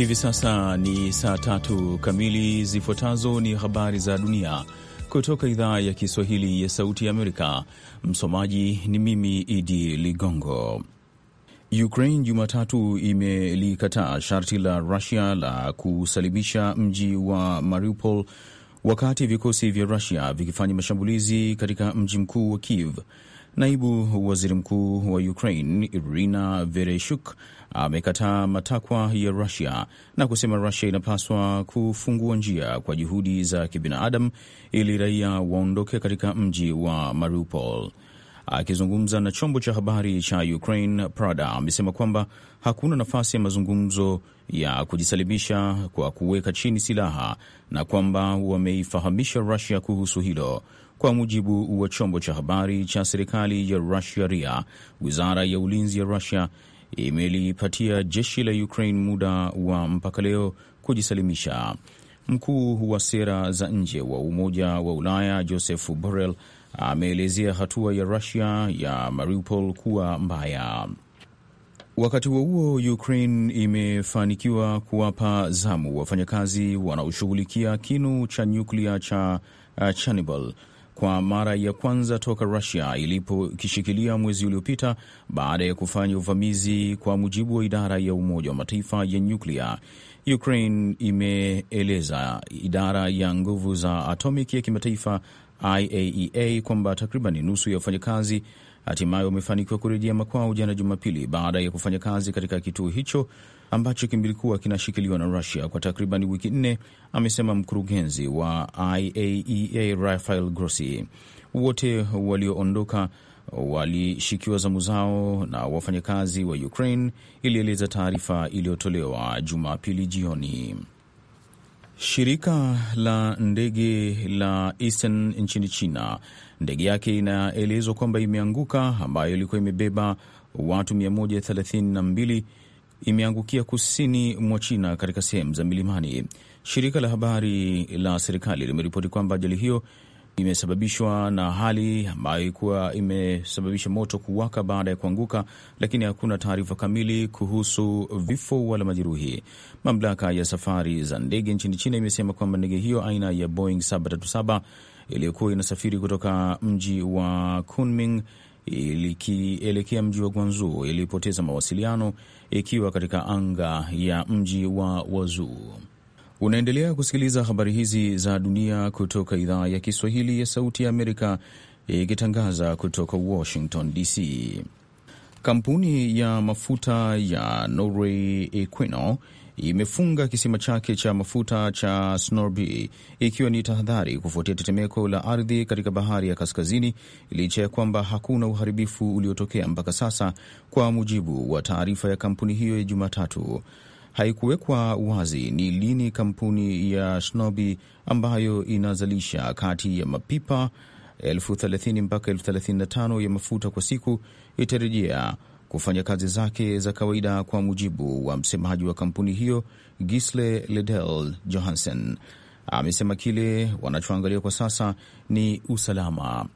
hivi sasa ni saa tatu kamili. Zifuatazo ni habari za dunia kutoka idhaa ya Kiswahili ya Sauti ya Amerika. Msomaji ni mimi Idi Ligongo. Ukraine Jumatatu imelikataa sharti la Rusia la kusalimisha mji wa Mariupol wakati vikosi vya Rusia vikifanya mashambulizi katika mji mkuu wa Kiev. Naibu waziri mkuu wa Ukraine Irina vereshuk amekataa matakwa ya Rusia na kusema Rusia inapaswa kufungua njia kwa juhudi za kibinadamu ili raia waondoke katika mji wa Mariupol. Akizungumza na chombo cha habari cha Ukraine Prada amesema kwamba hakuna nafasi ya mazungumzo ya kujisalimisha kwa kuweka chini silaha na kwamba wameifahamisha Rusia kuhusu hilo kwa mujibu wa chombo cha habari cha serikali ya Rusia RIA. Wizara ya ulinzi ya Rusia imelipatia jeshi la Ukraine muda wa mpaka leo kujisalimisha. Mkuu wa sera za nje wa Umoja wa Ulaya Joseph Borrell ameelezea hatua ya Rusia ya Mariupol kuwa mbaya. Wakati huo huo, Ukraine imefanikiwa kuwapa zamu wafanyakazi wanaoshughulikia kinu cha nyuklia cha uh, Chernobyl kwa mara ya kwanza toka Rusia ilipokishikilia mwezi uliopita baada ya kufanya uvamizi, kwa mujibu wa idara ya Umoja wa Mataifa ya nyuklia. Ukraine imeeleza idara ya nguvu za atomic ya kimataifa IAEA e kwamba takriban nusu ya wafanyakazi hatimaye wamefanikiwa kurejea makwao jana Jumapili baada ya kufanya kazi katika kituo hicho ambacho kimbilikuwa kinashikiliwa na Rusia kwa takriban wiki nne, amesema mkurugenzi wa IAEA e Rafael Grossi. Wote walioondoka walishikiwa zamu zao na wafanyakazi wa Ukraine, ilieleza taarifa iliyotolewa Jumapili jioni. Shirika la ndege la Eastern nchini China, ndege yake inaelezwa kwamba imeanguka, ambayo ilikuwa imebeba watu 132 imeangukia kusini mwa China katika sehemu za milimani. Shirika la habari la serikali limeripoti kwamba ajali hiyo imesababishwa na hali ambayo ilikuwa imesababisha moto kuwaka baada ya kuanguka, lakini hakuna taarifa kamili kuhusu vifo wala majeruhi. Mamlaka ya safari za ndege nchini China imesema kwamba ndege hiyo aina ya Boeing 737 iliyokuwa inasafiri kutoka mji wa Kunming ilikielekea mji wa Guangzhou ilipoteza mawasiliano ikiwa katika anga ya mji wa Wazuu. Unaendelea kusikiliza habari hizi za dunia kutoka idhaa ya Kiswahili ya Sauti ya Amerika ikitangaza kutoka Washington DC. Kampuni ya mafuta ya Norway Equinor imefunga kisima chake cha mafuta cha Snorre ikiwa ni tahadhari kufuatia tetemeko la ardhi katika bahari ya kaskazini, licha ya kwamba hakuna uharibifu uliotokea mpaka sasa, kwa mujibu wa taarifa ya kampuni hiyo ya Jumatatu haikuwekwa wazi ni lini kampuni ya shnobi ambayo inazalisha kati ya mapipa elfu thelathini mpaka elfu thelathini na tano ya mafuta kwa siku itarejea kufanya kazi zake za kawaida, kwa mujibu wa msemaji wa kampuni hiyo Gisle Ledel Johansen amesema kile wanachoangalia kwa sasa ni usalama.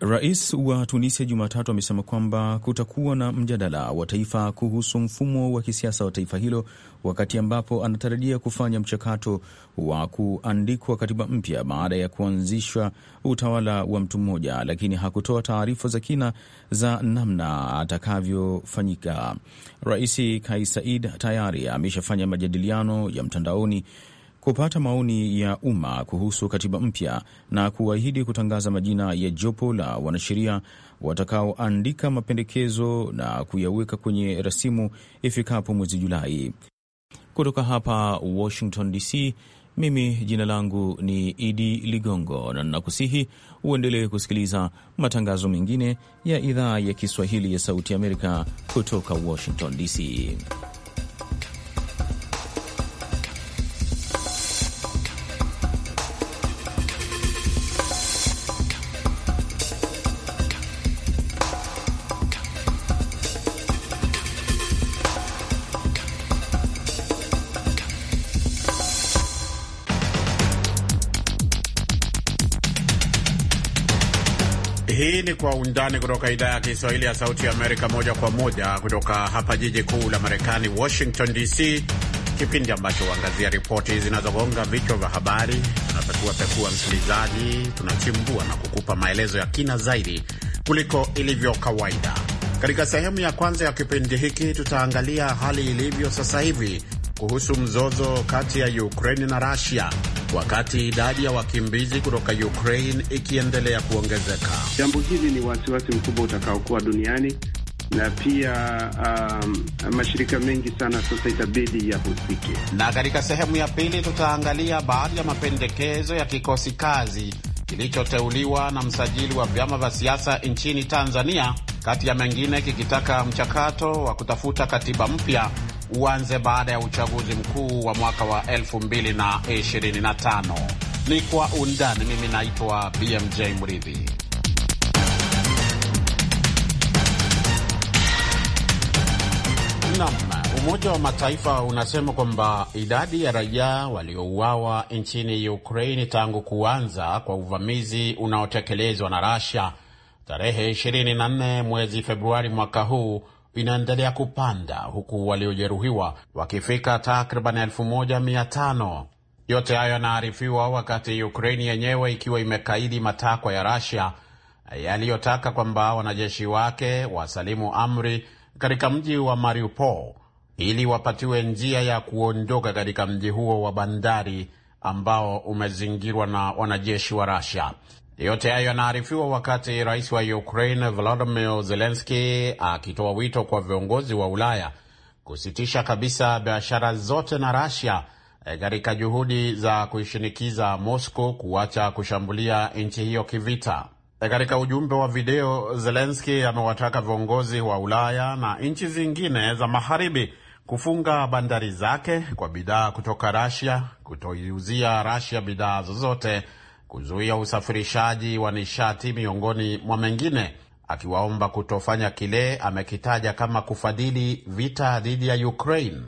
Rais wa Tunisia Jumatatu amesema kwamba kutakuwa na mjadala wa taifa kuhusu mfumo wa kisiasa wa taifa hilo wakati ambapo anatarajia kufanya mchakato wa kuandikwa katiba mpya baada ya kuanzishwa utawala wa mtu mmoja, lakini hakutoa taarifa za kina za namna atakavyofanyika. Rais Kais Saied tayari ameshafanya majadiliano ya mtandaoni kupata maoni ya umma kuhusu katiba mpya na kuahidi kutangaza majina ya jopo la wanasheria watakaoandika mapendekezo na kuyaweka kwenye rasimu ifikapo mwezi Julai. Kutoka hapa Washington DC, mimi jina langu ni Idi Ligongo na ninakusihi uendelee kusikiliza matangazo mengine ya idhaa ya Kiswahili ya Sauti ya Amerika kutoka Washington DC. kwa undani kutoka idhaa ya Kiswahili ya Sauti ya Amerika, moja kwa moja kutoka hapa jiji kuu la Marekani, Washington DC, kipindi ambacho huangazia ripoti zinazogonga vichwa vya habari. pekua msikilizaji, tunachimbua na kukupa maelezo ya kina zaidi kuliko ilivyo kawaida. Katika sehemu ya kwanza ya kipindi hiki, tutaangalia hali ilivyo sasa hivi kuhusu mzozo kati ya Ukraini na Rusia wakati idadi ya wakimbizi kutoka Ukraine ikiendelea kuongezeka. Jambo hili ni wasiwasi mkubwa utakaokuwa duniani na pia um, mashirika mengi sana sasa itabidi yahusike. Na katika sehemu ya pili tutaangalia baadhi ya mapendekezo ya kikosi kazi kilichoteuliwa na msajili wa vyama vya siasa nchini Tanzania, kati ya mengine kikitaka mchakato wa kutafuta katiba mpya uanze baada ya uchaguzi mkuu wa mwaka wa 2025. Ni kwa undani. Mimi naitwa BMJ Mridhi. Naam, Umoja wa Mataifa unasema kwamba idadi ya raia waliouawa nchini Ukraini tangu kuanza kwa uvamizi unaotekelezwa na Russia tarehe 24 mwezi Februari mwaka huu inaendelea kupanda huku waliojeruhiwa wakifika takriban elfu moja mia tano. Yote hayo yanaarifiwa wakati Ukraini yenyewe ikiwa imekaidi matakwa ya Rasia eh, yaliyotaka kwamba wanajeshi wake wasalimu amri katika mji wa Mariupol ili wapatiwe njia ya kuondoka katika mji huo wa bandari ambao umezingirwa na wanajeshi wa Rasia. Yote hayo yanaarifiwa wakati rais wa Ukraine Volodymyr Zelensky akitoa wito kwa viongozi wa Ulaya kusitisha kabisa biashara zote na Russia eh, katika juhudi za kuishinikiza Moscow kuacha kushambulia nchi hiyo kivita. Eh, katika ujumbe wa video, Zelensky amewataka viongozi wa Ulaya na nchi zingine za magharibi kufunga bandari zake kwa bidhaa kutoka Russia, kutoiuzia Russia bidhaa zozote kuzuia usafirishaji wa nishati, miongoni mwa mengine, akiwaomba kutofanya kile amekitaja kama kufadhili vita dhidi ya Ukraine.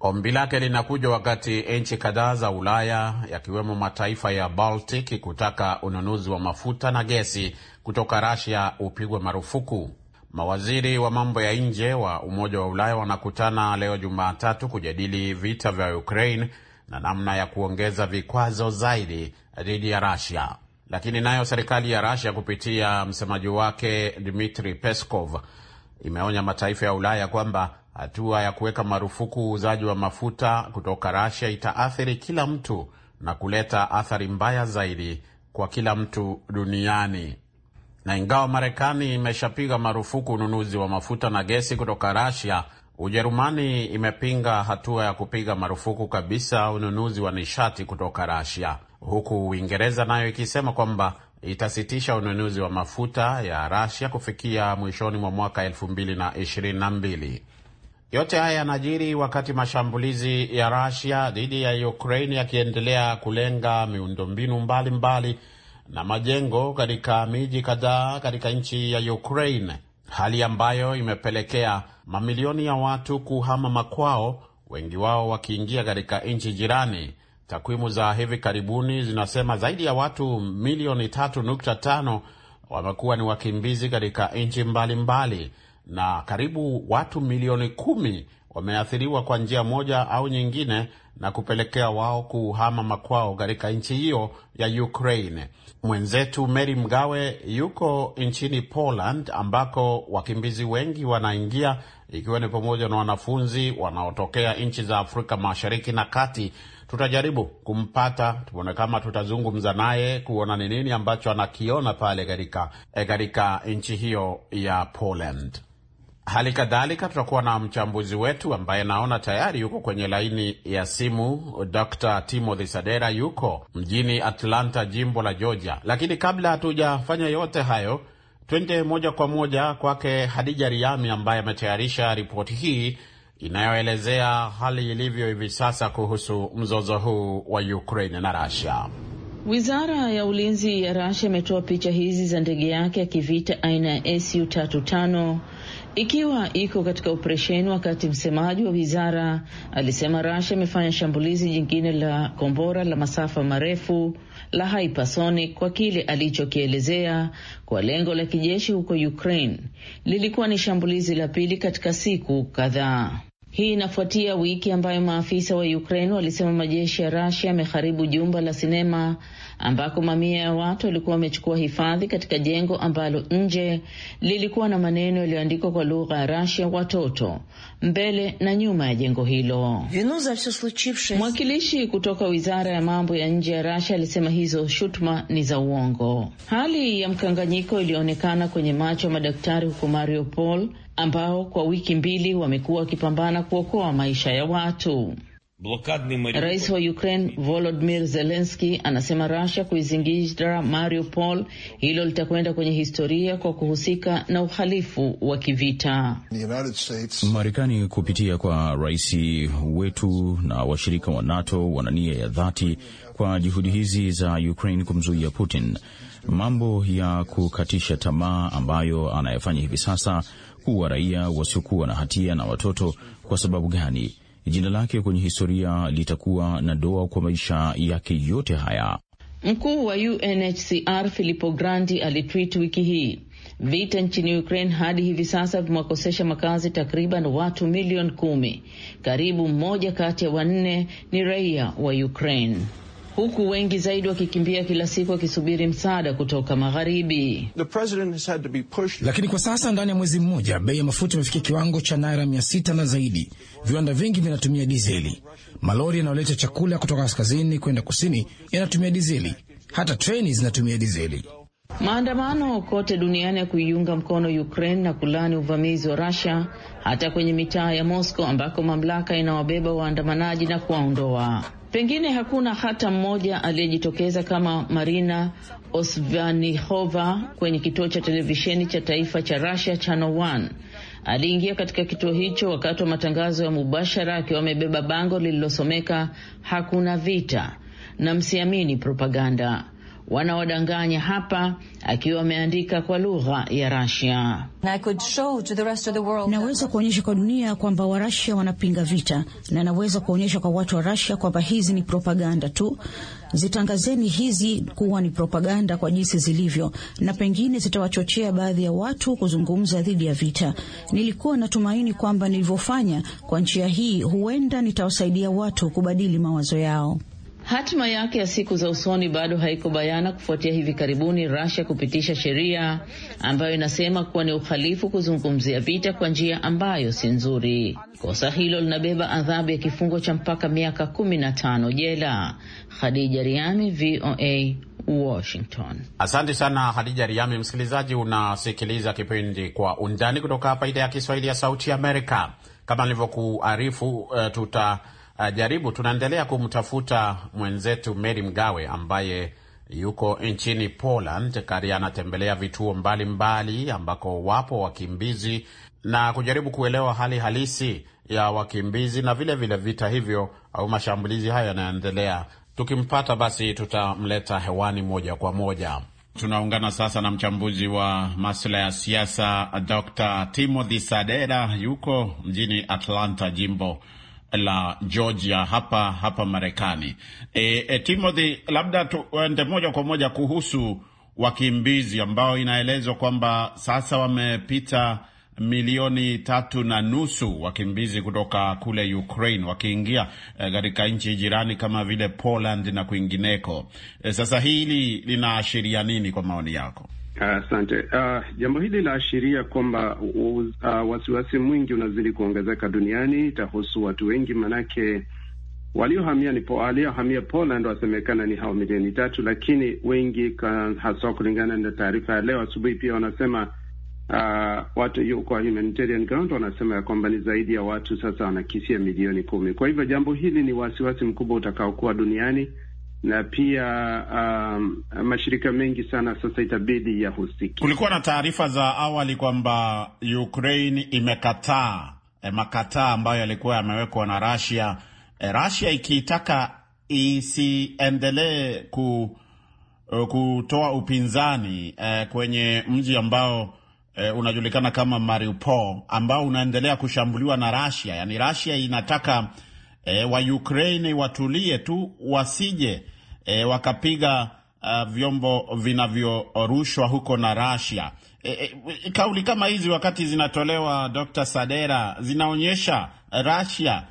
Ombi lake linakuja wakati nchi kadhaa za Ulaya yakiwemo mataifa ya Baltic kutaka ununuzi wa mafuta na gesi kutoka Russia upigwe marufuku. Mawaziri wa mambo ya nje wa Umoja wa Ulaya wanakutana leo Jumatatu kujadili vita vya Ukraine na namna ya kuongeza vikwazo zaidi dhidi ya Russia. Lakini nayo serikali ya Russia kupitia msemaji wake Dmitri Peskov imeonya mataifa ya Ulaya kwamba hatua ya kuweka marufuku uuzaji wa mafuta kutoka rasia itaathiri kila mtu na kuleta athari mbaya zaidi kwa kila mtu duniani. Na ingawa Marekani imeshapiga marufuku ununuzi wa mafuta na gesi kutoka rasia Ujerumani imepinga hatua ya kupiga marufuku kabisa ununuzi wa nishati kutoka rasia huku Uingereza nayo ikisema kwamba itasitisha ununuzi wa mafuta ya Rasia kufikia mwishoni mwa mwaka elfu mbili na ishirini na mbili. Yote haya yanajiri wakati mashambulizi ya Rasia dhidi ya Ukraini yakiendelea kulenga miundombinu mbalimbali na majengo katika miji kadhaa katika nchi ya ukraine hali ambayo imepelekea mamilioni ya watu kuhama makwao, wengi wao wakiingia katika nchi jirani Takwimu za hivi karibuni zinasema zaidi ya watu milioni 3.5 wamekuwa ni wakimbizi katika nchi mbalimbali na karibu watu milioni kumi wameathiriwa kwa njia moja au nyingine na kupelekea wao kuhama makwao katika nchi hiyo ya Ukraine. Mwenzetu Mary Mgawe yuko nchini Poland ambako wakimbizi wengi wanaingia ikiwa ni pamoja na wanafunzi wanaotokea nchi za Afrika Mashariki na Kati Tutajaribu kumpata, tuone kama tutazungumza naye kuona ni nini ambacho anakiona pale katika eh, katika nchi hiyo ya Poland. Hali kadhalika tutakuwa na mchambuzi wetu ambaye naona tayari yuko kwenye laini ya simu, Dr Timothy Sadera yuko mjini Atlanta, jimbo la Georgia. Lakini kabla hatujafanya yote hayo, twende moja kwa moja kwake Hadija Riami ambaye ametayarisha ripoti hii inayoelezea hali ilivyo hivi sasa kuhusu mzozo huu wa Ukraine na Russia. Wizara ya ulinzi ya Russia imetoa picha hizi za ndege yake ya kivita aina ya su tano ikiwa iko katika operesheni, wakati msemaji wa wizara alisema Russia imefanya shambulizi jingine la kombora la masafa marefu la hypersonic kwa kile alichokielezea kwa lengo la kijeshi huko Ukraine lilikuwa ni shambulizi la pili katika siku kadhaa. Hii inafuatia wiki ambayo maafisa wa Ukraine walisema majeshi ya Russia yameharibu jumba la sinema ambako mamia ya watu walikuwa wamechukua hifadhi katika jengo ambalo nje lilikuwa na maneno yaliyoandikwa kwa lugha ya Russia, watoto mbele na nyuma ya jengo hilo. Mwakilishi kutoka wizara ya mambo ya nje ya Russia alisema hizo shutuma ni za uongo. Hali ya mkanganyiko ilionekana kwenye macho ya madaktari huko Mariupol ambao kwa wiki mbili wamekuwa wakipambana kuokoa maisha ya watu. Rais wa Ukraine Volodymyr Zelensky anasema Russia kuizingira Mariupol, hilo litakwenda kwenye historia kwa kuhusika na uhalifu wa kivita. Marekani kupitia kwa rais wetu na washirika wa NATO wana nia ya dhati kwa juhudi hizi za Ukraine kumzuia Putin. Mambo ya kukatisha tamaa ambayo anayofanya hivi sasa kuwa raia wasiokuwa na hatia na watoto. Kwa sababu gani? Jina lake kwenye historia litakuwa na doa kwa maisha yake yote haya. Mkuu wa UNHCR Filippo Grandi alitwit wiki hii, vita nchini Ukraine hadi hivi sasa vimewakosesha makazi takriban watu milioni kumi. Karibu mmoja kati ya wanne ni raia wa Ukraine huku wengi zaidi wakikimbia kila siku wakisubiri msaada kutoka magharibi. Lakini kwa sasa ndani ya mwezi mmoja bei ya mafuta imefikia kiwango cha naira mia sita na zaidi. Viwanda vingi vinatumia dizeli. Malori yanayoleta chakula kutoka kaskazini kwenda kusini yanatumia dizeli. Hata treni zinatumia dizeli. Maandamano kote duniani ya kuiunga mkono Ukraine na kulani uvamizi wa Russia, hata kwenye mitaa ya Moscow ambako mamlaka inawabeba waandamanaji na kuwaondoa Pengine hakuna hata mmoja aliyejitokeza kama Marina Osvanihova kwenye kituo cha televisheni cha taifa cha Russia Channel 1. Aliingia katika kituo hicho wakati wa matangazo ya mubashara akiwa amebeba bango lililosomeka hakuna vita na msiamini propaganda wanaodanganya hapa, akiwa ameandika kwa lugha ya Rasia. Naweza kuonyesha kwa dunia kwamba Warasia wanapinga vita, na naweza kuonyesha kwa watu wa Rasia kwamba hizi ni propaganda tu. Zitangazeni hizi kuwa ni propaganda kwa jinsi zilivyo, na pengine zitawachochea baadhi ya watu kuzungumza dhidi ya vita. Nilikuwa natumaini kwamba nilivyofanya kwa njia hii, huenda nitawasaidia watu kubadili mawazo yao. Hatima yake ya siku za usoni bado haiko bayana kufuatia hivi karibuni Russia kupitisha sheria ambayo inasema kuwa ni uhalifu kuzungumzia vita kwa njia ambayo si nzuri. Kosa hilo linabeba adhabu ya kifungo cha mpaka miaka kumi na tano jela. Khadija Riami, VOA Washington. Asante sana Hadija Riami. Msikilizaji, unasikiliza kipindi Kwa Undani kutoka hapa idhaa ya Kiswahili ya Sauti Amerika. Kama nilivyokuarifu, uh, tuta Uh, jaribu. Tunaendelea kumtafuta mwenzetu Mary Mgawe ambaye yuko nchini Poland kari anatembelea vituo mbalimbali mbali, ambako wapo wakimbizi na kujaribu kuelewa hali halisi ya wakimbizi na vile vile vita hivyo au mashambulizi hayo yanayoendelea. Tukimpata basi tutamleta hewani moja kwa moja. Tunaungana sasa na mchambuzi wa maswala ya siasa Dr. Timothy Sadera, yuko mjini Atlanta, jimbo la Georgia hapa hapa Marekani. E, e, Timothy, labda tuende moja kwa moja kuhusu wakimbizi ambao inaelezwa kwamba sasa wamepita milioni tatu na nusu wakimbizi kutoka kule Ukraine wakiingia e, katika nchi jirani kama vile Poland na kwingineko. E, sasa hili linaashiria nini kwa maoni yako? Ah, asante. Uh, jambo hili ashiria kwamba uh, wasiwasi mwingi unazidi kuongezeka duniani. Itahusu watu wengi, manake waliohamia po, waliohamia Poland wasemekana ni hao milioni tatu, lakini wengi haswa kulingana na taarifa ya leo asubuhi pia wanasema Uh, watu kwa humanitarian ground wanasema ya kwamba ni zaidi ya watu sasa wanakisia milioni kumi. Kwa hivyo jambo hili ni wasiwasi mkubwa utakaokuwa duniani na pia um, mashirika mengi sana sasa itabidi yahusiki. Kulikuwa na taarifa za awali kwamba Ukraine imekataa eh, makataa ambayo yalikuwa yamewekwa na Russia eh, Russia ikiitaka isiendelee ku, uh, kutoa upinzani eh, kwenye mji ambao eh, unajulikana kama Mariupol ambao unaendelea kushambuliwa na Russia. Yani Russia inataka e, wa Ukraine watulie tu wasije e, wakapiga uh, vyombo vinavyorushwa huko na Russia. E, e, e kauli kama hizi wakati zinatolewa, Dr. Sadera, zinaonyesha Russia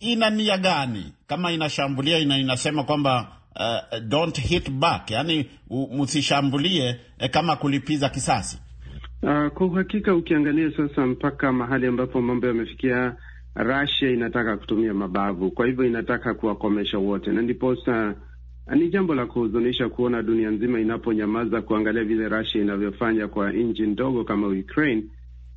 ina nia gani kama inashambulia ina, inasema kwamba uh, don't hit back, yani msishambulie eh, kama kulipiza kisasi. Uh, kwa uhakika ukiangalia sasa mpaka mahali ambapo mambo yamefikia Russia inataka kutumia mabavu, kwa hivyo inataka kuwakomesha wote, na ndiposa ni jambo la kuhuzunisha kuona dunia nzima inaponyamaza kuangalia vile Russia inavyofanya kwa nchi ndogo kama Ukraine.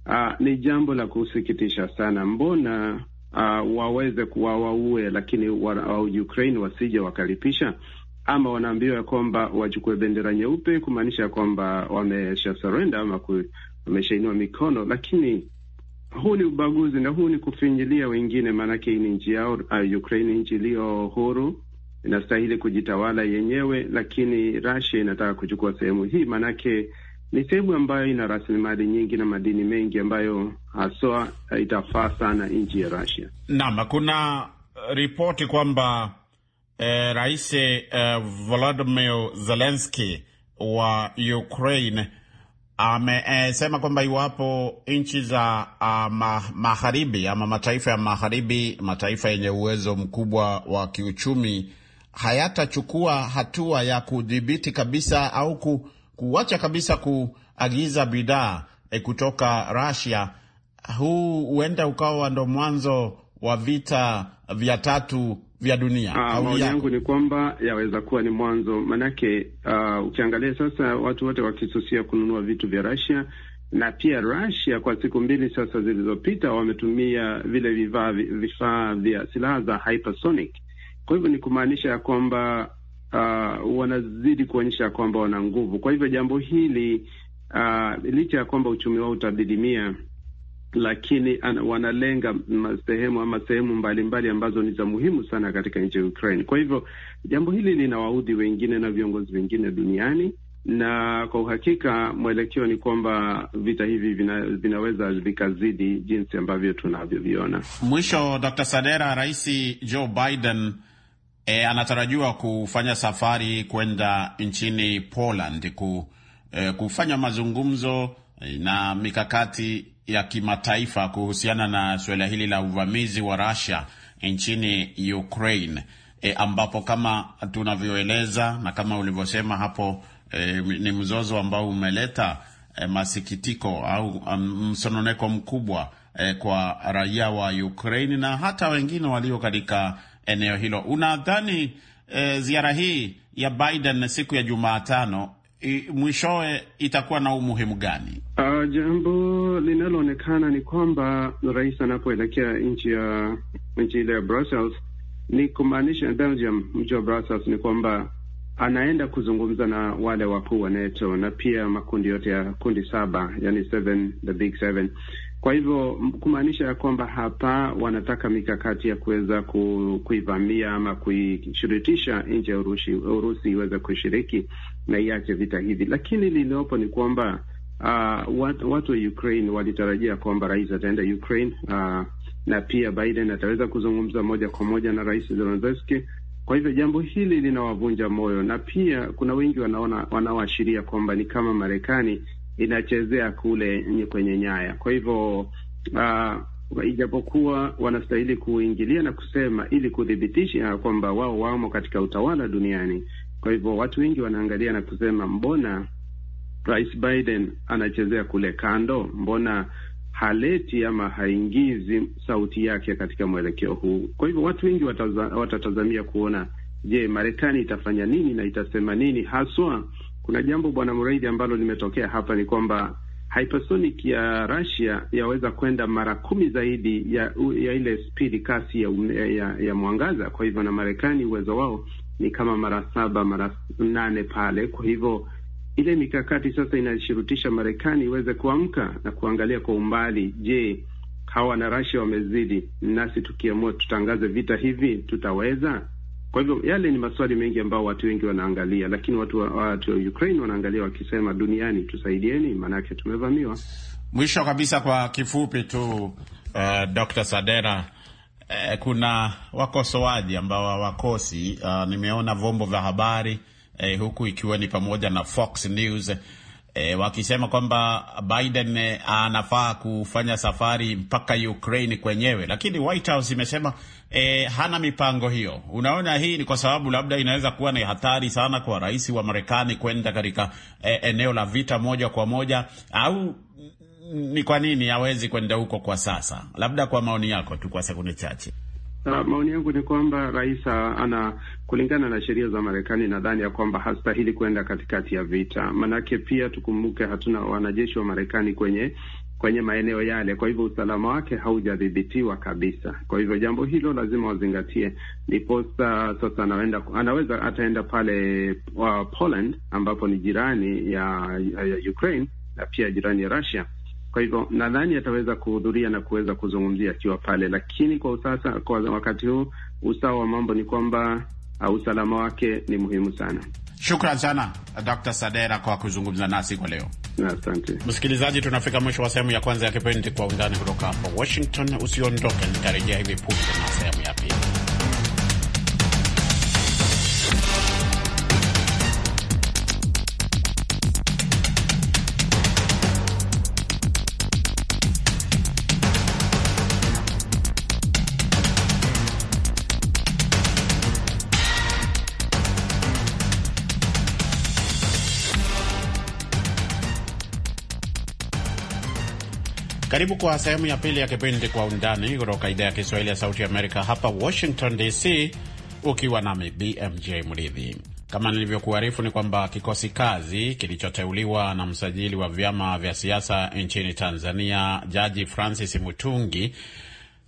Uh, ni jambo la kusikitisha sana. Mbona uh, waweze kuwawaue, lakini wa, wa Ukraine wasije wakalipisha, ama wanaambiwa kwamba wachukue bendera nyeupe kumaanisha kwamba wamesha surrender ama wameshainua mikono, lakini huu ni ubaguzi na huu ni kufinyilia wengine, maanake ni nchi yao. Uh, Ukraine nchi iliyo huru inastahili kujitawala yenyewe, lakini Russia inataka kuchukua sehemu hii, maanake ni sehemu ambayo ina rasilimali nyingi na madini mengi ambayo haswa itafaa sana nchi ya Russia. Naam, kuna ripoti kwamba eh, Rais eh, Volodymyr Zelensky wa Ukraine amesema eh, kwamba iwapo nchi za uh, ma, magharibi ama mataifa ya magharibi, mataifa yenye uwezo mkubwa wa kiuchumi hayatachukua hatua ya kudhibiti kabisa au ku, kuacha kabisa kuagiza bidhaa eh, kutoka Russia, huu huenda ukawa ndo mwanzo wa vita vya tatu vya dunia. Ah, maoni yangu ni kwamba yaweza kuwa ni mwanzo, maanake uh, ah, ukiangalia sasa watu wote wakisusia kununua vitu vya Russia na pia Russia kwa siku mbili sasa zilizopita wametumia vile vifaa vya silaha za hypersonic. Kwa hivyo ni kumaanisha ya kwamba uh, wanazidi kuonyesha kwamba wana nguvu. Kwa hivyo jambo hili uh, licha ya kwamba uchumi wao utadidimia, lakini ana, wanalenga sehemu ama sehemu mbalimbali ambazo ni za muhimu sana katika nchi ya Ukraine. Kwa hivyo jambo hili linawaudhi wengine na viongozi wengine duniani, na kwa uhakika mwelekeo ni kwamba vita hivi vina, vinaweza vikazidi jinsi ambavyo tunavyoviona. Mwisho, Dr. Sadera, Rais Joe Biden e, anatarajiwa kufanya safari kwenda nchini Poland ku, e, kufanya mazungumzo na mikakati ya kimataifa kuhusiana na suala hili la uvamizi wa Russia nchini Ukraine e, ambapo kama tunavyoeleza na kama ulivyosema hapo e, ni mzozo ambao umeleta e, masikitiko au um, msononeko mkubwa e, kwa raia wa Ukraine na hata wengine walio katika eneo hilo. Unadhani e, ziara hii ya Biden siku ya Jumatano mwishowe itakuwa na umuhimu gani? Uh, jambo linaloonekana ni kwamba rais anapoelekea nchi ya nchi ile ya Brussels ni kumaanisha Belgium, mji wa Brussels, ni kwamba anaenda kuzungumza na wale wakuu wa NATO na pia makundi yote ya kundi saba, yani seven, the big seven. Kwa hivyo kumaanisha ya kwamba hapa wanataka mikakati ya kuweza kuivamia ama kuishurutisha nchi ya Urusi iweze kushiriki na iache vita hivi, lakini liliopo ni kwamba uh, watu wa Ukraine walitarajia kwamba rais ataenda Ukraine uh, na pia Biden ataweza kuzungumza moja kwa moja na rais Zelensky. Kwa hivyo jambo hili linawavunja moyo, na pia kuna wengi wanaona wanaoashiria kwamba ni kama Marekani inachezea kule kwenye nyaya. Kwa hivyo uh, ijapokuwa wanastahili kuingilia na kusema ili kuthibitisha kwamba wao wamo katika utawala duniani, kwa hivyo watu wengi wanaangalia na kusema mbona Rais Biden anachezea kule kando, mbona haleti ama haingizi sauti yake katika mwelekeo huu. Kwa hivyo watu wengi watatazamia kuona, je, Marekani itafanya nini na itasema nini haswa. Kuna jambo Bwana Muraidhi ambalo limetokea hapa ni kwamba hypersonic ya Russia yaweza kwenda mara kumi zaidi ya, ya ile spidi kasi ya, ya, ya mwangaza. Kwa hivyo na Marekani uwezo wao ni kama mara saba mara nane pale. Kwa hivyo ile mikakati sasa inashurutisha Marekani iweze kuamka na kuangalia kwa umbali, je, hawa na rasia wamezidi, nasi tukiamua tutangaze vita hivi tutaweza? Kwa hivyo yale ni maswali mengi ambayo watu wengi wanaangalia, lakini watu wa, watu wa Ukraine wanaangalia wakisema, duniani tusaidieni, maanake tumevamiwa. Mwisho kabisa, kwa kifupi tu, uh, Dr. Sadera eh, kuna wakosoaji ambao hawakosi. Uh, nimeona vyombo vya habari eh, huku ikiwa ni pamoja na Fox News eh, wakisema kwamba Biden eh, anafaa kufanya safari mpaka Ukraine kwenyewe, lakini White House imesema eh, hana mipango hiyo. Unaona, hii ni kwa sababu labda inaweza kuwa ni hatari sana kwa rais wa Marekani kwenda katika eh, eneo la vita moja kwa moja au ni kwa nini hawezi kwenda huko kwa sasa, labda kwa maoni yako tu kwa sekunde chache? Uh, maoni yangu ni kwamba rais ah, ana kulingana na sheria za Marekani, nadhani ya kwamba hastahili kwenda katikati ya vita, manake pia tukumbuke hatuna wanajeshi wa Marekani kwenye kwenye maeneo yale, kwa hivyo usalama wake haujadhibitiwa kabisa. Kwa hivyo jambo hilo lazima wazingatie, ndiposa sasa anaenda, anaweza ataenda pale uh, Poland ambapo ni jirani ya, ya Ukraine na pia jirani ya Russia kwa hivyo nadhani ataweza kuhudhuria na kuweza kuzungumzia akiwa pale, lakini kwa usasa, kwa wakati huu usawa wa mambo ni kwamba uh, usalama wake ni muhimu sana. Shukran sana Dr. Sadera kwa kuzungumza nasi kwa leo. Asante msikilizaji, tunafika mwisho wa sehemu ya kwanza ya kipindi Kwa Undani kutoka hapa Washington. Usiondoke, nitarejea hivi punde Karibu kwa sehemu ya pili ya kipindi Kwa Undani kutoka idhaa ya Kiswahili ya Sauti Amerika hapa Washington DC, ukiwa nami BMJ Mridhi. Kama nilivyokuarifu ni kwamba kikosi kazi kilichoteuliwa na msajili wa vyama vya siasa nchini Tanzania, Jaji Francis Mutungi,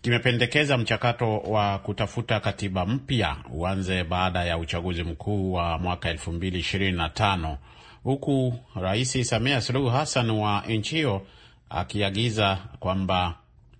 kimependekeza mchakato wa kutafuta katiba mpya uanze baada ya uchaguzi mkuu wa mwaka 2025 huku Rais Samia Suluhu Hassan wa nchi hiyo akiagiza kwamba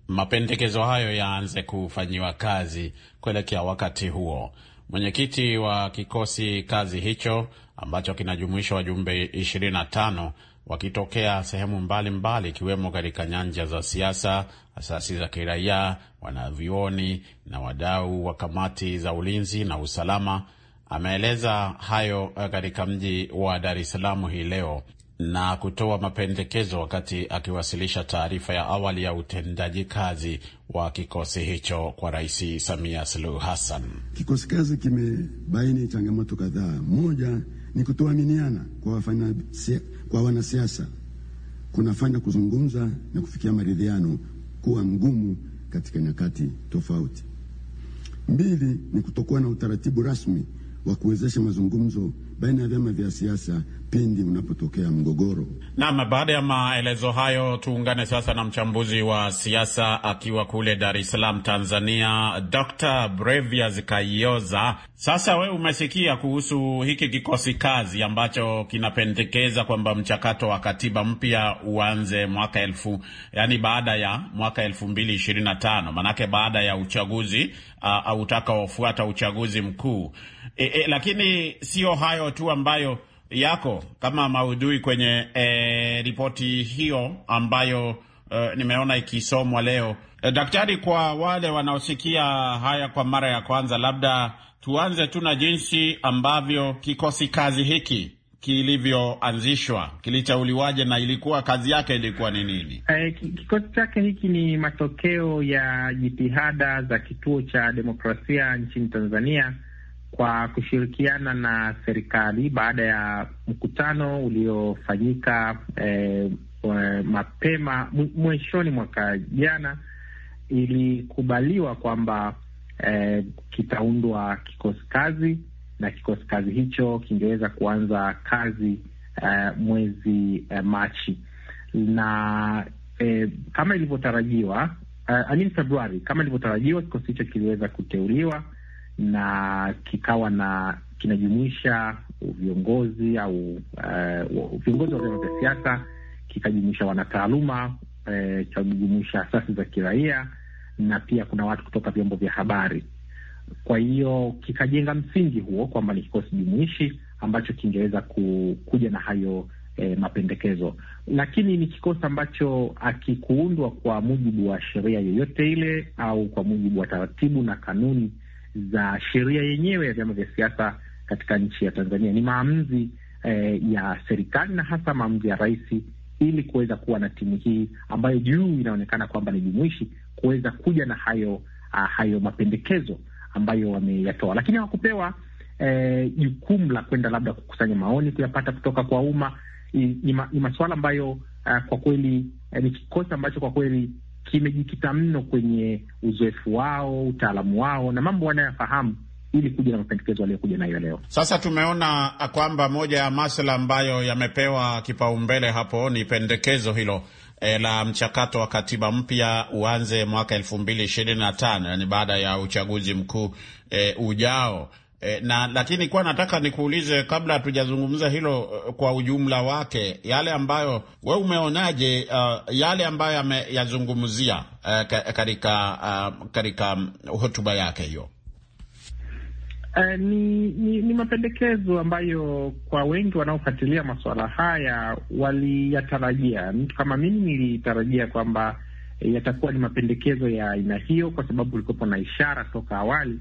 mapendekezo hayo yaanze kufanyiwa kazi kuelekea wakati huo. Mwenyekiti wa kikosi kazi hicho ambacho kinajumuisha wajumbe 25 wakitokea sehemu mbalimbali ikiwemo mbali katika nyanja za siasa, asasi za kiraia, wanavyuoni na wadau wa kamati za ulinzi na usalama ameeleza hayo eh, katika mji wa Dar es Salaam hii leo na kutoa mapendekezo wakati akiwasilisha taarifa ya awali ya utendaji kazi wa kikosi hicho kwa Rais Samia Suluhu Hassan. Kikosi kazi kimebaini changamoto kadhaa. Moja ni kutoaminiana kwa, kwa wanasiasa kunafanya kuzungumza na kufikia maridhiano kuwa ngumu katika nyakati tofauti. Mbili ni kutokuwa na utaratibu rasmi wa kuwezesha mazungumzo baina ya vyama vya siasa pindi unapotokea mgogoro. Naam, baada ya maelezo hayo, tuungane sasa na mchambuzi wa siasa akiwa kule Dar es Salaam, Tanzania, Dr. Brevias Kayoza. Sasa wewe umesikia kuhusu hiki kikosi kazi ambacho kinapendekeza kwamba mchakato wa katiba mpya uanze mwaka elfu, yani baada ya mwaka elfu mbili ishirini na tano manake baada ya uchaguzi uh, utakaofuata uchaguzi mkuu e, e, lakini sio hayo tu ambayo yako kama maudhui kwenye e, ripoti hiyo ambayo e, nimeona ikisomwa leo. E, daktari, kwa wale wanaosikia haya kwa mara ya kwanza, labda tuanze tu na jinsi ambavyo kikosi kazi hiki kilivyoanzishwa kiliteuliwaje, na ilikuwa kazi yake ilikuwa ni nini? E, kikosi chake hiki ni matokeo ya jitihada za kituo cha demokrasia nchini Tanzania kwa kushirikiana na serikali baada ya mkutano uliofanyika eh, mapema mwishoni mwaka jana, ilikubaliwa kwamba eh, kitaundwa kikosi kazi na kikosi kazi hicho kingeweza kuanza kazi eh, mwezi eh, Machi na eh, kama ilivyotarajiwa eh, Februari kama ilivyotarajiwa, kikosi hicho kiliweza kuteuliwa na kikawa na kinajumuisha viongozi au uh, viongozi wa vyama vya siasa, kikajumuisha wanataaluma eh, kikajumuisha asasi za kiraia na pia kuna watu kutoka vyombo vya habari. Kwa hiyo kikajenga msingi huo kwamba ni kikosi jumuishi ambacho kingeweza ku, kuja na hayo eh, mapendekezo, lakini ni kikosi ambacho akikuundwa kwa mujibu wa sheria yoyote ile au kwa mujibu wa taratibu na kanuni za sheria yenyewe ya vyama vya siasa katika nchi ya Tanzania. Ni maamuzi eh, ya serikali na hasa maamuzi ya rais, ili kuweza kuwa na timu hii ambayo juu inaonekana kwamba ni jumuishi, kuweza kuja na hayo ah, hayo mapendekezo ambayo wameyatoa, lakini hawakupewa eh, jukumu eh, la kwenda labda kukusanya maoni kuyapata kutoka kwa umma. Ni masuala ambayo ah, kwa kweli eh, ni kikosi ambacho kwa kweli kimejikita mno kwenye uzoefu wao, utaalamu wao na mambo wanayofahamu ili kuja na mapendekezo aliyokuja nayo leo. Sasa tumeona kwamba moja ya masuala ambayo yamepewa kipaumbele hapo ni pendekezo hilo e, la mchakato wa katiba mpya uanze mwaka elfu mbili ishirini na tano, yani baada ya uchaguzi mkuu e, ujao. E, na lakini kwa nataka nikuulize kabla hatujazungumza hilo eh, kwa ujumla wake, yale ambayo we umeonaje, uh, yale ambayo ameyazungumzia uh, katika uh, katika mm, hotuba yake hiyo. Uh, ni, ni, ni mapendekezo ambayo kwa wengi wanaofuatilia masuala haya waliyatarajia. Mtu kama mimi nilitarajia kwamba yatakuwa ni mapendekezo ya aina hiyo, kwa sababu ulikopo na ishara toka awali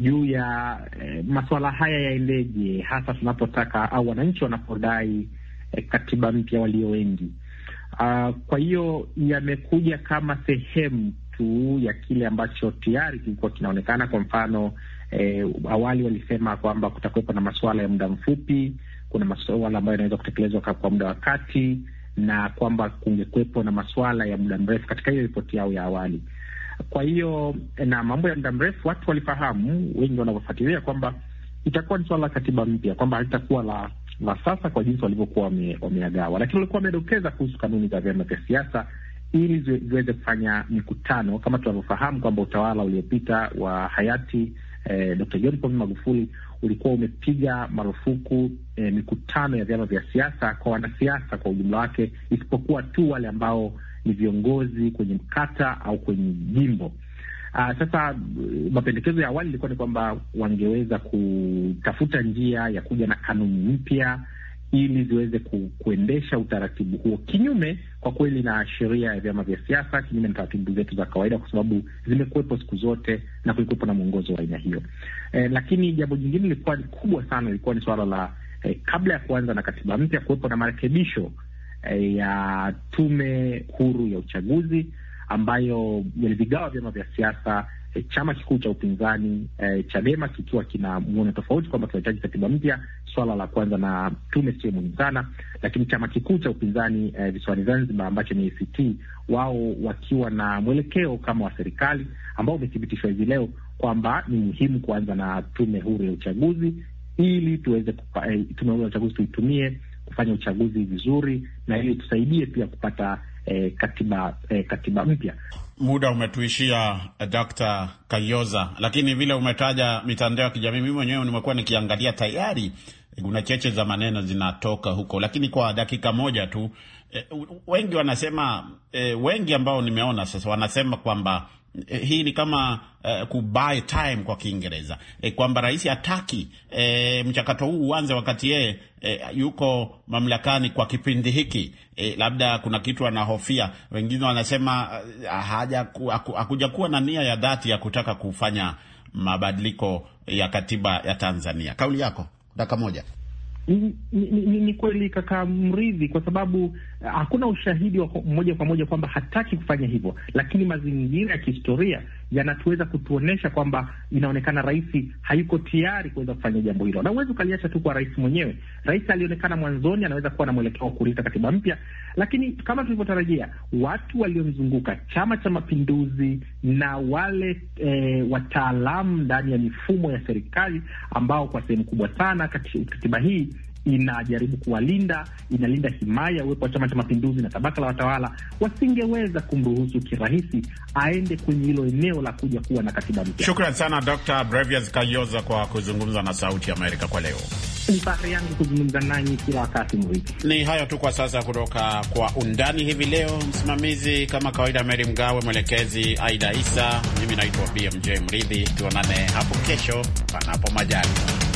juu ya eh, masuala haya yaendeje, hasa tunapotaka au wananchi wanapodai eh, katiba mpya walio wengi. Uh, kwa hiyo yamekuja kama sehemu tu ya kile ambacho tayari kilikuwa kinaonekana. Kwa mfano eh, awali walisema kwamba kutakuwepo na masuala ya muda mfupi, kuna masuala ambayo yanaweza kutekelezwa kwa muda wa kati, na kwamba kungekuwepo na masuala ya muda mrefu katika hiyo ripoti yao ya awali kwa hiyo na mambo ya muda mrefu, watu walifahamu wengi wanavyofuatilia kwamba itakuwa ni swala la katiba mpya, kwamba halitakuwa la la sasa kwa jinsi walivyokuwa wameagawa, lakini walikuwa wamedokeza kuhusu kanuni za vyama vya siasa ili ziweze kufanya mikutano kama tunavyofahamu kwamba utawala uliopita wa hayati eh, Dr. John Pombe Magufuli ulikuwa umepiga marufuku eh, mikutano ya vyama vya siasa kwa wanasiasa kwa ujumla wake, isipokuwa tu wale ambao ni viongozi kwenye mkata au kwenye jimbo. Uh, sasa mapendekezo ya awali ilikuwa ni kwamba wangeweza kutafuta njia ya kuja na kanuni mpya ili ziweze ku, kuendesha utaratibu huo, kinyume kwa kweli na sheria ya vyama vya siasa, kinyume na taratibu zetu za kawaida, kwa sababu zimekuwepo siku zote na kulikuwepo na mwongozo wa aina hiyo. Eh, lakini jambo jingine lilikuwa kubwa sana, ilikuwa ni suala la eh, kabla ya kuanza na katiba mpya kuwepo na marekebisho Eh, ya tume huru ya uchaguzi ambayo yalivigawa vyama vya siasa, eh, chama kikuu cha upinzani e, Chadema kikiwa kina mwono tofauti kwamba kinahitaji katiba mpya, swala la kwanza, na tume sio muhimu sana, lakini chama kikuu cha upinzani e, visiwani Zanzibar ambacho ni ACT, wao wakiwa na mwelekeo kama wa serikali ambao umethibitishwa hivi leo kwamba ni muhimu kuanza na tume huru ya uchaguzi ili tuweze tume huru ya uchaguzi tuitumie kufanya uchaguzi vizuri, na hiyo tusaidie pia kupata eh, katiba eh, katiba mpya. Muda umetuishia Dr. Kayoza, lakini vile umetaja mitandao ya kijamii, mimi mwenyewe nimekuwa nikiangalia tayari kuna cheche za maneno zinatoka huko, lakini kwa dakika moja tu e, wengi wanasema e, wengi ambao nimeona sasa wanasema kwamba Eh, hii ni kama uh, eh, kubuy time kwa Kiingereza e, kwamba rais hataki e, mchakato huu uanze wakati yeye yuko mamlakani kwa kipindi hiki e, labda kuna kitu anahofia. Wengine wanasema haja hakuja kuwa na nia ya dhati ya kutaka kufanya mabadiliko ya katiba ya Tanzania. Kauli yako, dakika moja ni, ni, ni, ni kweli kaka Mridhi, kwa sababu eh, hakuna ushahidi wa moja kwa moja kwamba hataki kufanya hivyo, lakini mazingira ya kihistoria yanatuweza kutuonyesha kwamba inaonekana rais hayuko tayari kuweza kufanya jambo hilo, na huwezi ukaliacha tu kwa rais mwenyewe. Rais alionekana mwanzoni anaweza kuwa na mwelekeo wa kuleta katiba mpya, lakini kama tulivyotarajia, watu waliomzunguka Chama cha Mapinduzi na wale e, wataalamu ndani ya mifumo ya serikali ambao kwa sehemu kubwa sana katiba hii inajaribu kuwalinda, inalinda himaya ya uwepo wa Chama cha Mapinduzi na tabaka la watawala, wasingeweza kumruhusu kirahisi aende kwenye hilo eneo la kuja kuwa na katiba mpya. Shukran sana Dr. Brevias Kayoza kwa kuzungumza na Sauti ya Amerika kwa leo. fahari yangu kuzungumza nanyi kila wakati Mriki. Ni hayo tu kwa sasa kutoka Kwa Undani hivi leo. Msimamizi kama kawaida Meri Mgawe, mwelekezi Aida Isa, mimi naitwa BMJ Mridhi. Tuonane hapo kesho, panapo majali.